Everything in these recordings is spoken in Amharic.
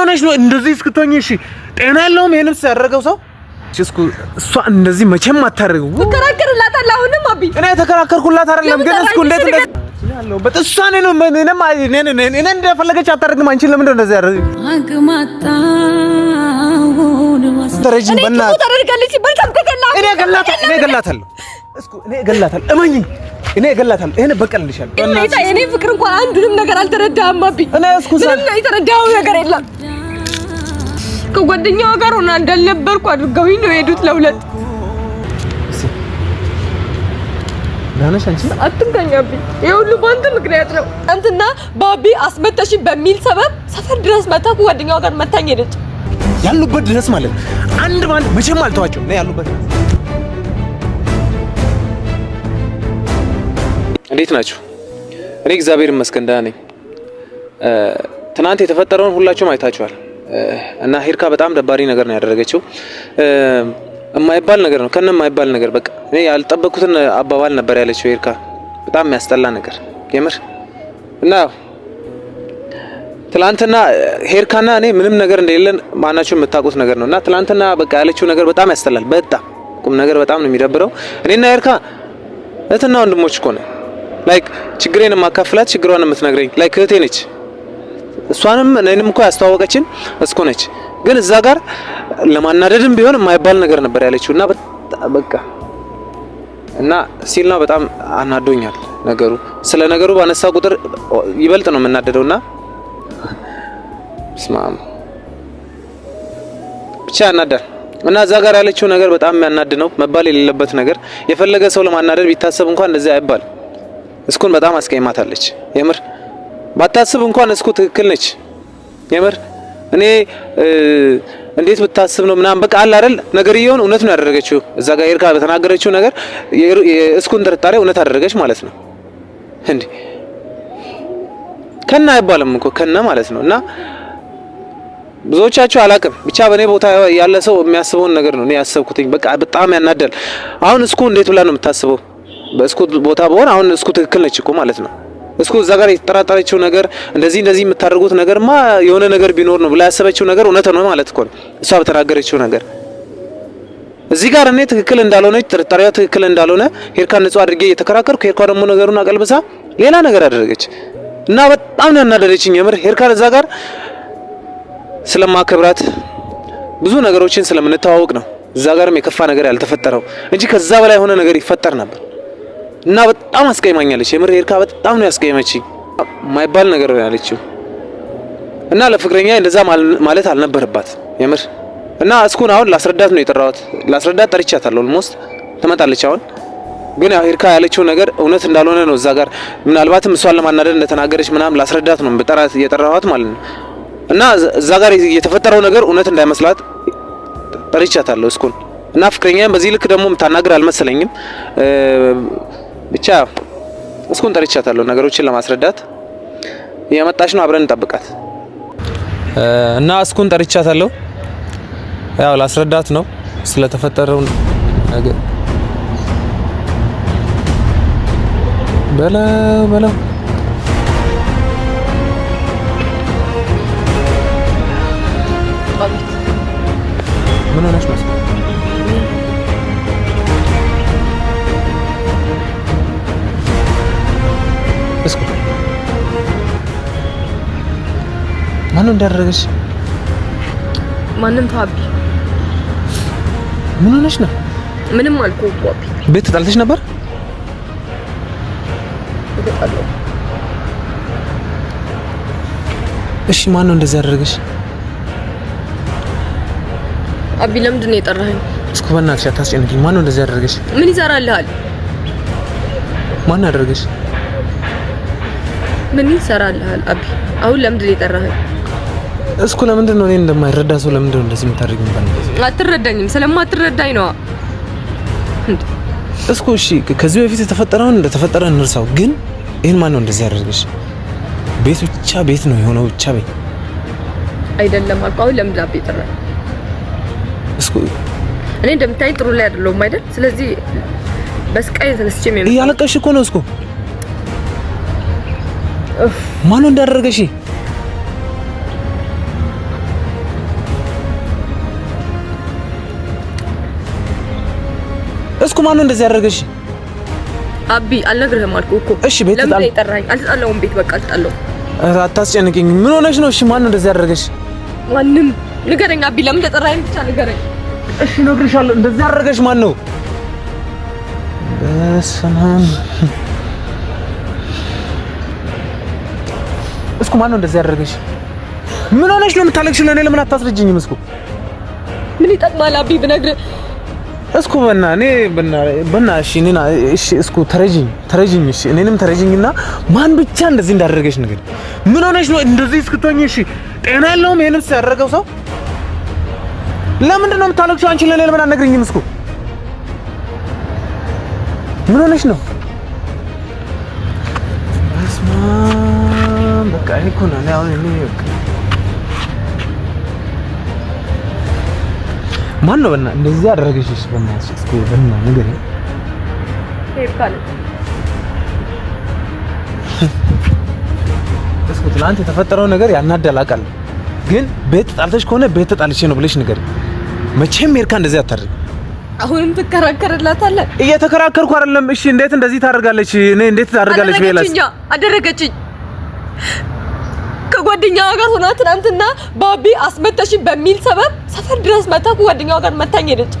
ሆነሽ ነው እንደዚህ እስክትሆኚ? እሺ ጤና ያለውም ይሄንን ያደረገው ሰው እስኩ እሷ እንደዚህ መቼም አታደርገው። ትከራከርላታለህ አሁንም? አቢ እኔ የተከራከርኩላት አይደለም፣ ግን እስኩ እንዴት እንደፈለገች አታደርግም። እንደዚህ እኔ እገላታለሁ፣ እኔ እገላታለሁ፣ እስኩ እኔ እገላታለሁ፣ እኔ እገላታለሁ። ይሄን በቀልልሻለሁ። እኔ ፍቅር እንኳን አንዱንም ነገር አልተረዳህም አቢ። እኔ እስኩ ምንም የተረዳኸው ነገር የለም ከጓደኛዋ ጋር ሆና እንዳልነበርኩ አድርገውኝ ነው የሄዱት። ለሁለት ዳነሽ አንቺ በአንተ ምክንያት ነው። አንተና ባቢ አስመተሽ በሚል ሰበብ ሰፈር ድረስ መታ ከጓደኛዋ ጋር መታኝ ሄደች። ያሉበት ድረስ ማለት አንድ ባንድ መቼም አልተዋቸው ነው ያሉበት። እንዴት ናችሁ? እኔ እግዚአብሔር ይመስገን ደህና ነኝ። ትናንት የተፈጠረውን ሁላችሁም አይታችኋል። እና ሄርካ በጣም ደባሪ ነገር ነው ያደረገችው። የማይባል ነገር ነው ከነ የማይባል ነገር በቃ እኔ ያልጠበቅኩትን አባባል ነበር ያለችው ሄርካ። በጣም የሚያስጠላ ነገር የምር እና ትላንትና ሄርካና እኔ ምንም ነገር እንደሌለን ማናችሁ የምታውቁት ነገር ነው እና ትላንትና በቃ ያለችው ነገር በጣም ያስጠላል። በጣም ቁም ነገር በጣም ነው የሚደብረው። እኔና ሄርካ እህትና ወንድሞች እኮ ነን። ላይክ ችግሬን የማካፍላት ችግሯን የምትነግረኝ ላይክ እህቴ ነች። እሷንም እኔንም እኮ ያስተዋወቀችን እስኩ ነች። ግን እዛ ጋር ለማናደድም ቢሆን የማይባል ነገር ነበር ያለችው እና በቃ እና ሲልና በጣም አናዶኛል ነገሩ። ስለ ነገሩ ባነሳ ቁጥር ይበልጥ ነው የምናደደው። እና ስማም ብቻ ያናዳል። እና እዛ ጋር ያለችው ነገር በጣም የሚያናድ ነው፣ መባል የሌለበት ነገር። የፈለገ ሰው ለማናደድ ቢታሰብ እንኳን እንደዚህ አይባል። እስኩን በጣም አስቀይማታለች የምር ባታስብ እንኳን እስኩ ትክክል ነች። የምር እኔ እንዴት ብታስብ ነው ምናምን በቃ አለ አይደል ነገር ይየውን እውነት ነው ያደረገችው። እዛ ጋር ይርካ በተናገረችው ነገር እስኩን ጥርጣሬ እውነት አደረገች ማለት ነው። እንዴ ከና አይባልም እኮ ከና ማለት ነው። እና ብዙዎቻችሁ አላቅም ብቻ በእኔ ቦታ ያለ ሰው የሚያስበውን ነገር ነው እኔ ያሰብኩትኝ። በቃ በጣም ያናዳል። አሁን እስኩ እንዴት ብላ ነው የምታስበው? በእስኩ ቦታ በሆን አሁን እስኩ ትክክል ነች እኮ ማለት ነው። እስኩ እዛ ጋር የተጠራጠረችው ነገር እንደዚህ እንደዚህ የምታደርጉት ማ የሆነ ነገር ቢኖር ነው ብላ ያሰበችው ነገር እውነት ነው ማለት እኮ ነው እሷ በተናገረችው ነገር እዚህ ጋር እኔ ትክክል እንዳልሆነ ጥርጣሬዋ ትክክል እንዳልሆነ ሄርካን ንጹህ አድርጌ እየተከራከርኩ ሄርካ ደግሞ ነገሩን አቀልብሳ ሌላ ነገር አደረገች እና በጣም ነው ያናደደችኝ። የምር ሄርካ እዛ ጋር ስለማከብራት ብዙ ነገሮችን ስለምንተዋወቅ ነው እዛ ጋርም የከፋ ነገር ያልተፈጠረው እንጂ ከዛ በላይ የሆነ ነገር ይፈጠር ነበር። እና በጣም አስቀይማኛለች። የምር ኤርካ በጣም ነው ያስቀየመችኝ። ማይባል ነገር ነው ያለችው እና ለፍቅረኛ እንደዛ ማለት አልነበረባት የምር እና እስኩን አሁን ላስረዳት ነው የጠራዋት። ላስረዳት ጠርቻታለሁ። ኦልሞስት ትመጣለች አሁን። ግን ያው ሄርካ ያለችው ነገር እውነት እንዳልሆነ ነው እዛ ጋር ምናልባትም እሷን ለማናደድ እንደተናገረች ምናምን ላስረዳት ነው በጠራት የጠራዋት ማለት ነው። እና እዛ ጋር የተፈጠረው ነገር እውነት እንዳይመስላት ጠርቻታለሁ እስኩን እና ፍቅረኛ በዚህ ልክ ደግሞ ምታናገር አልመሰለኝም። እስኩን ጠርቻታለሁ ነገሮችን ለማስረዳት የመጣች ነው። አብረን እንጠብቃት እና እስኩን ጠርቻታለሁ። ያው ላስረዳት ነው ስለተፈጠረው ነገር በለው በለው ምን ሆነሽ መሰለኝ ማነው እንዳደረገሽ? ማንም ታቢ ምን ሆነሽ ነው? ምንም አልኩህ እኮ አቢ። ቤት ተጣልተሽ ነበር? እሺ፣ ማነው እንደዚህ ያደረገሽ? አቢ፣ ለምንድን ነው የጠራኸኝ? እስኩ በእናትሽ አታስጨንቂኝ። ማነው እንደዚህ ያደረገሽ? ምን ይሰራልሃል? ማን ያደረገሽ? ምን ይሰራልሃል? አቢ፣ አሁን ለምንድን ነው የጠራኸኝ? እስኩ ለምንድን ነው እኔ እንደማይረዳ ሰው ለምንድን ነው እንደዚህ የምታደርጊው? አትረዳኝም። ስለማትረዳኝ ነው። እስኩ እሺ፣ ከዚህ በፊት የተፈጠረውን እንደተፈጠረ እንርሳው። ግን ይህን ማን ነው እንደዚህ ያደርግሽ? ቤት ብቻ ቤት ነው የሆነው። ብቻ ቤት አይደለም አልኩ። አሁን ለምን ዳብ ይጥራ? እስኩ እኔ እንደምታይ ጥሩ ላይ አይደለሁም አይደል? ስለዚህ በስቃይ ተነስቼ ነው። እያለቀሽ እኮ ነው እስኩ። ማን ነው እንዳደረገሽ? እስኩ ማን ነው እንደዚህ ያደረገሽ? አቢ አልነግርህም አልኩህ እኮ። እሺ ቤት ለምን ይጠራኝ? አልጣለውም። ቤት በቃ አልጣለው። አታስጨንቅኝ። ምን ሆነሽ ነው? እሺ ማን ነው እንደዚህ ያደረገሽ? ማንም። ንገረኝ አቢ፣ ለምን ተጠራኝ? ብቻ ንገረኝ። እሺ እነግርሻለሁ። እንደዚህ ያደረገሽ ማን ነው? በስመ አብ። እስኩ ማን ነው እንደዚህ ያደረገሽ? ምን ሆነሽ ነው የምታለቅሽው? ለእኔ ለምን አታስረጅኝም? እስኩ ምን ይጠቅማል አቢ ብነግርህ እስኩ በና እኔ በና በና እሺ እኔና እሺ እስኩ ተረጅኝ ተረጅኝ እሺ እኔንም ተረጅኝና ማን ብቻ እንደዚህ እንዳደረገች ነገር ምን ሆነሽ ነው እንደዚህ እስክትሆኚ? እሺ ጤና የለውም ይሄንን ያደረገው ሰው ለምንድን ነው የምታለቅሺው? አንቺ ለኔ ምን አነግርኝም? እስኩ ምን ሆነሽ ነው? በስመ አብ በቃ እኔ እኮ ነው እኔ ማን ነው በእናትህ እንደዚህ ያደረገሽ? ያደረገችሽ? በእናትሽ እስኪ በእናትህ ንገሪኝ። እስኪ ትናንት የተፈጠረው ነገር ያናዳል አውቃለሁ፣ ግን ቤት ተጣልተሽ ከሆነ ቤት ተጣልቼ ነው ብለሽ ንገሪኝ። መቼም ሜርካ እንደዚህ አታደርግም። አሁንም ትከራከርላታለህ? እየተከራከርኩ አይደለም። እሺ እንዴት እንደዚህ ታደርጋለች? እኔ እንዴት ታደርጋለች? አደረገችኝ ከጓደኛዋ ጋር ሆና ትናንትና ባቢ አስመተሽ በሚል ሰበብ ሰፈር ድረስ መታ ከጓደኛዋ ጋር መታኝ ሄደች።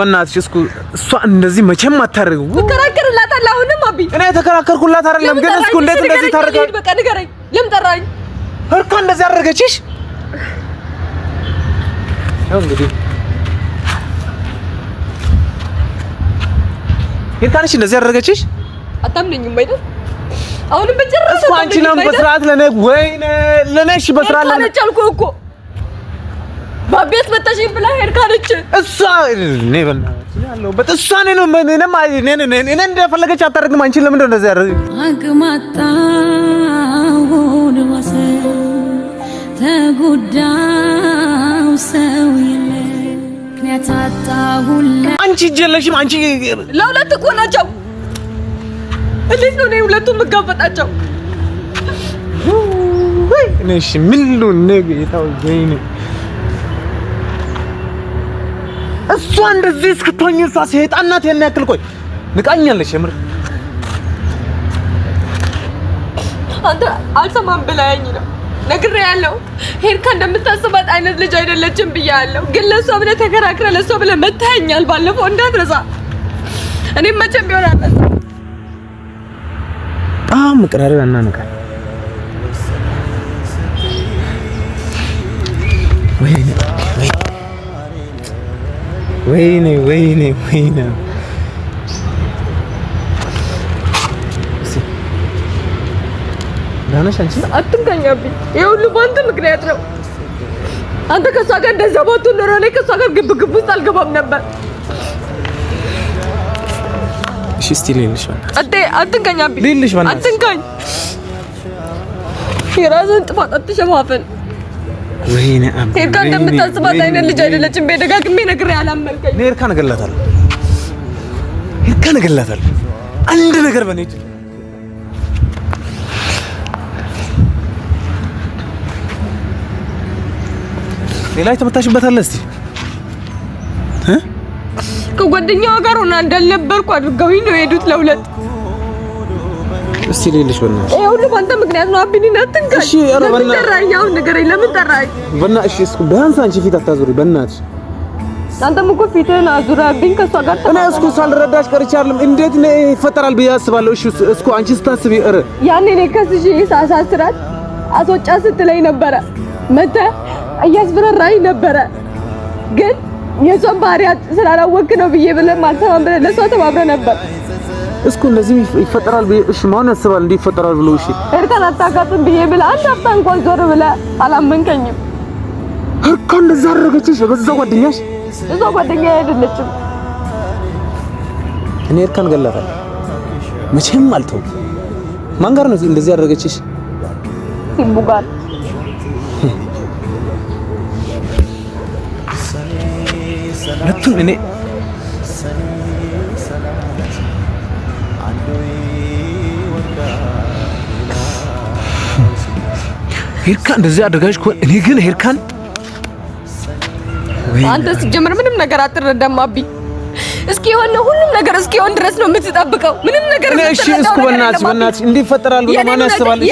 በእናትሽ እስኩ እሷ እንደዚህ መቼም አታደርገው። ትከራከርላታለህ? አሁንም አቢ እኔ የተከራከርኩላት አይደለም፣ ግን እስኩ እንዴት እንደዚህ ታደርጋለህ? በቃ ንገረኝ፣ ለምን እንደዚህ አደረገችሽ? ያው እንግዲህ እንደዚህ አደረገችሽ። አታምነኝም አይደል? አሁንም በጭራሽ እኮ አንቺ ነው በስርዓት ለነ ወይ ለነሽ በስርዓት ለነ አልቻልኩ እኮ ባቤት መጣሽ ብላ ሄድካለች። እሷ እኔ በእናትህ እሷ እኔን እኔን እንደፈለገች አታደርግም። አንቺን ለምንድን ነው እንደዚህ ያደረግሽ? አግማጣውን ወሰን ተጎዳው ሰው የለ ምክንያት አጣሁላ አንቺ እጅ የለሽም። አንቺ ለሁለት እኮ ናቸው እንዴት ነው እኔ ሁለቱን የምጋፈጣቸው? እሺ ምን እሷ እንደዚህ እስክትሆኝ እሷ ሰይጣን ናት። ያን ያክል ቆይ ንቃኛለሽ? የምር አንተ አልሰማም ብለኸኝ ነው ያለው ሄርካ እንደምታስባት አይነት ልጅ አይደለችም ብያለሁ። ግን ለእሷ ብለህ ተከራክረህ ለእሷ ብለህ መታኛል ባለፈው እንዳትረሳ። እኔም መቼም ቢሆን አልረሳም። በጣም መቀራረብ ያናንቃል። ወይኔ ወይኔ ወይኔ ዳነሽ አንቺ አትንካኛብኝ። ይሄ ሁሉ በአንተ ምክንያት ነው። አንተ ከሷ ጋር እንደዛ ባትሆን ኖሮ እኔ ከሷ ጋር ግብ ግብ ውስጥ አልገባም ነበር። እሺ፣ እስቲ ሌልሽ በእናትሽ። አዴ አትንካኝ፣ አቢ ሌልሽ በእናትሽ አትንካኝ። የራስን ጥፋት አትሸፋፍን። ወይኔ አቢ ሄርካ እንደምታስባት አይነት ልጅ አይደለችም። ደጋግሜ ነግሬ አላመልከኝ። ሄርካ ነገላታል፣ ሄርካ ነገላታል። አንድ ነገር በኔ ሌላ የተመታሽበት አለ እስቲ ከጓደኛዋ ጋር ሆና እንዳልነበርኩ አድርገውኝ ነው የሄዱት ለሁለት። እስቲ ሌልሽ ወና ይሄ ሁሉ ባንተ ምክንያት ነው። አብኒ ነጥንካ እሺ፣ ለምን ጠራኝ? አሁን ንገረኝ፣ ለምን ጠራኝ? ወና እስኩ ቢያንስ አንቺ ፊት አታዙሪ፣ በእናትሽ አንተም እኮ ፊትህን አዙራብኝ ከሷ ጋር እኔ እስኩ ሳልረዳሽ ቀርቼ አይደለም። እንዴት ነው ይፈጠራል ብዬ አስባለሁ። እሺ፣ እስኩ አንቺ ስታስቢ እረ ያኔ እኔ ከስሽ ሳሳስራት አስወጫ ስትለኝ ነበረ። መተ እያስፈራራኝ ነበረ ግን የእሷን ባህሪያት ስላላወቅ ነው ብዬ ብለን ማልተማም ብለን ለእሷ ተባብረ ነበር። እስኩ እንደዚህ ይፈጠራል ብዬ እሺ፣ ማን ያስባል እንዴ ይፈጠራል ብሎ እሺ፣ እርካን አታጋጥም ብዬ ብለ አንድ ሀብታ እንኳን ዞር ብለህ አላመንከኝም። እርካን እንደዛ አደረገችሽ? በዛ ጓደኛሽ? እዛ ጓደኛ አይደለችም። እኔ እርካን ገላታለሁ፣ መቼም አልተውም። ማን ጋር ነው እንደዚህ ያደረገችሽ? ሲቡ ጋር ሁለቱም እኔ ሄርካን እንደዚህ አድርጋሽ ከሆነ እኔ ግን ሄርካን አንተ ሲጀምር ምንም ነገር አትረዳማብኝ። እስኪ የሆነ ሁሉም ነገር እስኪ የሆነ ድረስ ነው የምትጠብቀው። ምንም ነገር እሺ፣ እስኩ በእናትሽ በእናትሽ እንዲህ ይፈጠራል ብሎ ማን ያስባልሽ?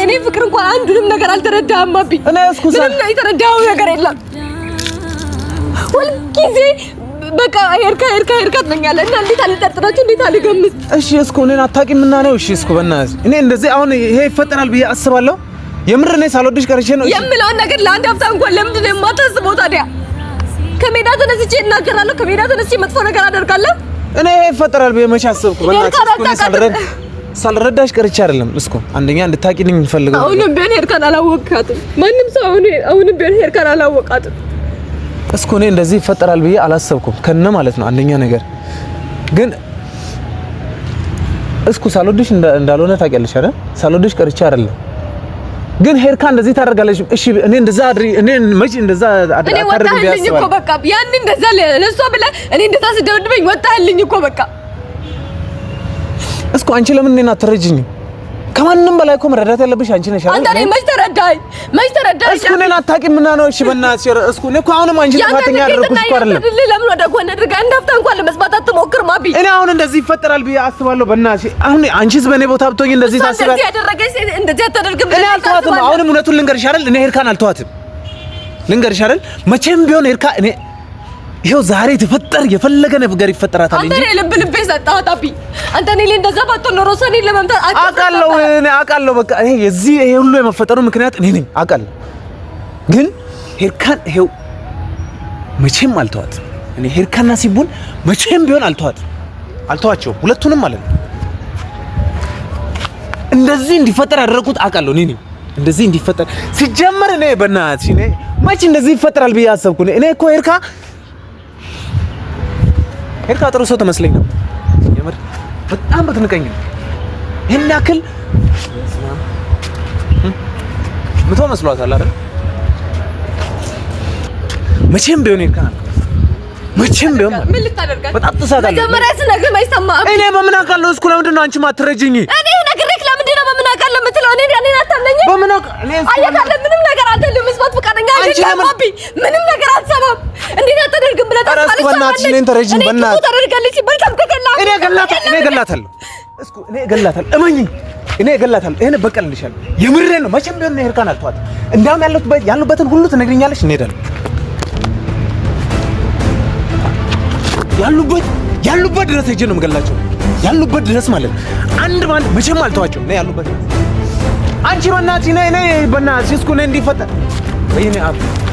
የኔ ፍቅር እንኳን አንዱንም ነገር አልተረዳማብኝ። እኔ እስኩ ምንም የተረዳኸው ነገር የለም። ሁልጊዜ በቃ ሄርካ ሄርካ ሄርካ ትለኛለህ እና እንዴት አልጠርጥራችሁ እንዴት አልገምት። እሺ እስኮ እኔን አታውቂም እና ነው። እሺ እስኮ በእናትሽ እኔ እንደዚህ አሁን ይሄ ይፈጠራል ብዬ አስባለሁ። የምር እኔ ሳልወድሽ ቀርቼ ነው የምለውን ነገር ለአንድ ሀብታ እንኳን ለምንድን የማታስበው ታዲያ? ከሜዳ ተነስቼ እናገራለሁ፣ ከሜዳ ተነስቼ መጥፎ ነገር አደርጋለሁ። እኔ ይሄ ይፈጠራል ብዬ መቼ አሰብኩ? በእናትሽ ሳልረዳሽ ቀርቼ አይደለም እስኮ አንደኛ እንድታውቂልኝ እንፈልገው። አሁንም ቢሆን ሄርካን አላወቃትም። ማንም ሰው አሁንም ቢሆን ሄርካን አላወቃትም። እስኩ እኔ እንደዚህ ይፈጠራል ብዬ አላሰብኩም። ከነ ማለት ነው አንደኛ ነገር ግን እስኩ ሳልወድሽ እንዳልሆነ ታውቂያለሽ አይደል? ሳልወድሽ ቀርቼ አይደለም ግን ሄርካ እንደዚህ ታደርጋለች። እሺ እኔ እንደዛ አድሪ እኔ መቼ እንደዛ አድርጋ ወጣህልኝ እኮ በቃ ያን እንደዛ ለሷ ብለህ እኔ እንደዛ ስደብድበኝ ወጣህልኝ እኮ በቃ። እስኩ አንቺ ለምን እኔን አትረጅኝም? ከማንም በላይ እኮ መረዳት ያለብሽ አንቺ ነሽ አንተ አንተ መች ተረዳኸኝ? መች ተረዳኸኝ? እስኩ እኔን አታውቂም ምን ነው። እሺ በእናትሽ እስኩ እኔ እኮ አሁንም አንቺ ጥፋተኛ ያደረኩሽ እኮ አይደለም። ለምን ወደ ጎን አድርጋ እንዳፍታ እንኳን ለመስማት አትሞክርም? ማቢ እኔ አሁን እንደዚህ ይፈጠራል ብዬ አስባለሁ። በእናትሽ አሁን አንቺስ በእኔ ቦታ ብትሆኚ እንደዚህ ታስባለሽ? እንደዚህ ያደረገሽ እንደዚህ አታደርግም። እኔ አልተዋትም። አሁንም እውነቱን ልንገርሽ አይደል? እኔ ሄርካን አልተዋትም። ልንገርሽ አይደል? መቼም ቢሆን ሄርካ እኔ ይሄው ዛሬ ተፈጠር የፈለገ ነገር ይፈጠራታል እንጂ አንተ ልብ ልቤ ሰጣሁት። አቢ አንተ ኔ ላይ እንደዛ ባትሆን ኖሮ ሰኔ ለመምታት አውቃለሁ፣ እኔ አውቃለሁ። በቃ ይሄ የዚህ ይሄ ሁሉ የመፈጠሩ ምክንያት እኔ ነኝ አውቃለሁ። ግን ሄርካን ይሄው መቼም አልተዋት እኔ ሄርካና ሲቡን መቼም ቢሆን አልተዋት አልተዋቸው ሁለቱንም ማለት ነው። እንደዚህ እንዲፈጠር ያደረኩት አውቃለሁ እኔ ነኝ። እንደዚህ እንዲፈጠር ሲጀመር እኔ በእናትሽ እኔ መቼ እንደዚህ ይፈጠራል ብዬ አሰብኩ እኔ እኮ ሄርካ ሄድካ ጥሩ ሰው ተመስለኝ ነው የምር በጣም በትንቀኝ ነው ይህን ያክል ምቶ መስሏታል አይደል? መቼም ቢሆን ሄድካ መቼም ቢሆን ምን ልታደርጋት በጣም ጥሳታለህ። መጀመሪያ ስነግርህ አይሰማህም። እኔ በምን አውቃለሁ? እስኩ ለምንድን ነው አንቺ አትረጂኝ? እኔ ነግሬህ ለምንድን ነው በምን አውቃለሁ የምትለው? እኔ እኔ አታምነኝም። በምን አውቃለሁ? ምንም ነገር አንተ ለመስማት ፈቃደኛ አይደለህ። ምንም ነገር አትሰማም እንዴት አታደርግም ብለህ ታስባለች? በእናትሽ ታደርጋለች ሲባል እኔ እገላታለሁ፣ እኔ እገላታለሁ፣ እስኩ እኔ እገላታለሁ፣ እመኚኝ፣ እኔ እገላታለሁ። ይሄን በቀልልሻለሁ፣ የምሬን ነው። መቼም ቢሆን ሄርካን አልተዋት። እንዳውም ያሉበት ያሉበትን ሁሉ ትነግሪኛለሽ፣ እንሄዳለን። ያሉበት ያሉበት ድረስ ሄጄ ነው የምገላቸው። ያሉበት ድረስ ማለት ነው። አንድ ባንድ መቼም አልተዋቸው ነው ያሉበት። አንቺ በእናትሽ ነይ ነይ፣ በእናትሽ እስኩ ነይ እንዲፈጠር ይሄኔ አፍ